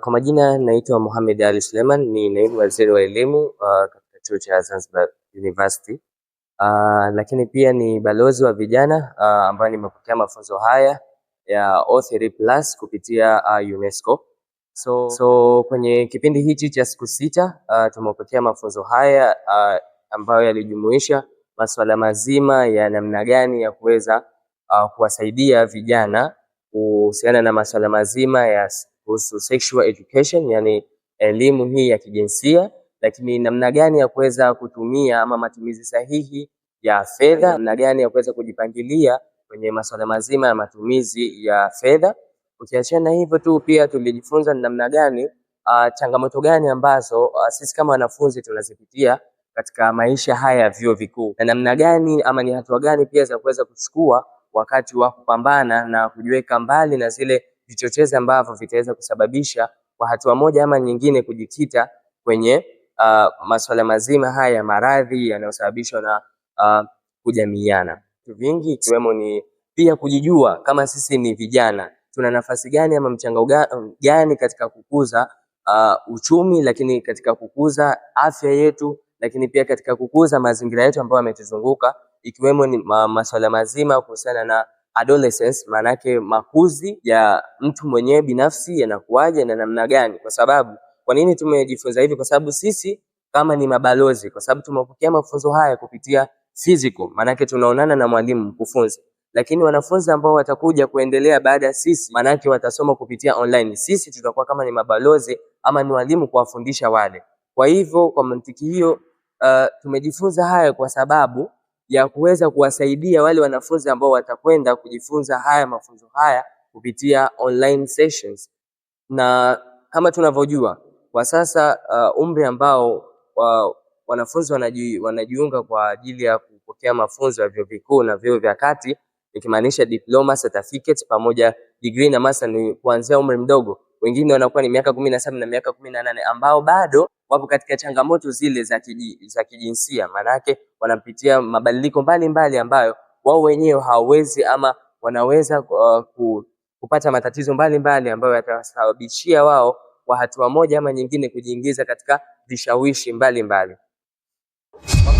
Kwa majina naitwa Mohamed Ali Suleiman, ni naibu waziri wa elimu uh, katika chuo cha Zanzibar University. Uh, lakini pia ni balozi wa vijana uh, ambayo nimepokea mafunzo haya ya O3 Plus kupitia uh, UNESCO. So, so kwenye kipindi hichi cha siku sita uh, tumepokea mafunzo haya uh, ambayo yalijumuisha masuala mazima ya namna gani ya kuweza uh, kuwasaidia vijana kuhusiana na masuala mazima ya kuhusu sexual education, yani elimu hii ya kijinsia, lakini namna gani ya kuweza kutumia ama matumizi sahihi ya fedha, namna gani ya kuweza kujipangilia kwenye masuala mazima ya matumizi ya fedha. Ukiachana na hivyo tu, pia tulijifunza ni namna gani Uh, changamoto gani ambazo uh, sisi kama wanafunzi tunazipitia katika maisha haya ya vyuo vikuu na namna gani ama ni hatua gani pia za kuweza kuchukua wakati wa kupambana na kujiweka mbali na zile vichochezi ambavyo vitaweza kusababisha kwa hatua moja ama nyingine kujikita kwenye uh, ah, masuala mazima haya ya maradhi yanayosababishwa na uh, kujamiiana vingi ikiwemo ni pia kujijua kama sisi ni vijana tuna nafasi gani ama mchango gani katika kukuza uh, uchumi, lakini katika kukuza afya yetu, lakini pia katika kukuza mazingira yetu ambayo yametuzunguka ikiwemo ni masuala mazima kuhusiana na adolescence, maana yake makuzi ya mtu mwenyewe binafsi yanakuwaje na namna gani. Kwa sababu kwa nini tumejifunza hivi? Kwa sababu sisi kama ni mabalozi, kwa sababu tumepokea mafunzo haya kupitia physical, maana yake tunaonana na mwalimu mkufunzi lakini wanafunzi ambao watakuja kuendelea baada ya sisi, maanake watasoma kupitia online. Sisi tutakuwa kama ni mabalozi ama ni walimu kuwafundisha wale. Kwa hivyo kwa mantiki hiyo, uh, tumejifunza haya kwa sababu ya kuweza kuwasaidia wale wanafunzi ambao watakwenda kujifunza haya mafunzo haya kupitia online sessions. Na kama tunavyojua kwa sasa uh, umri ambao uh, wanafunzi wanaji, wanajiunga kwa ajili ya kupokea mafunzo ya vyuo vikuu na vyuo vya kati ikimaanisha diploma, certificate pamoja degree na master ni kuanzia umri mdogo. Wengine wanakuwa ni miaka kumi na na miaka 18 ambao bado wapo katika changamoto zile za kiji, za kijinsia maanake wanapitia mabadiliko mbalimbali ambayo wao wenyewe hawawezi ama wanaweza uh, kupata matatizo mbalimbali mbali ambayo yatawasababishia wao kwa hatua moja ama nyingine kujiingiza katika vishawishi mbalimbali mbali.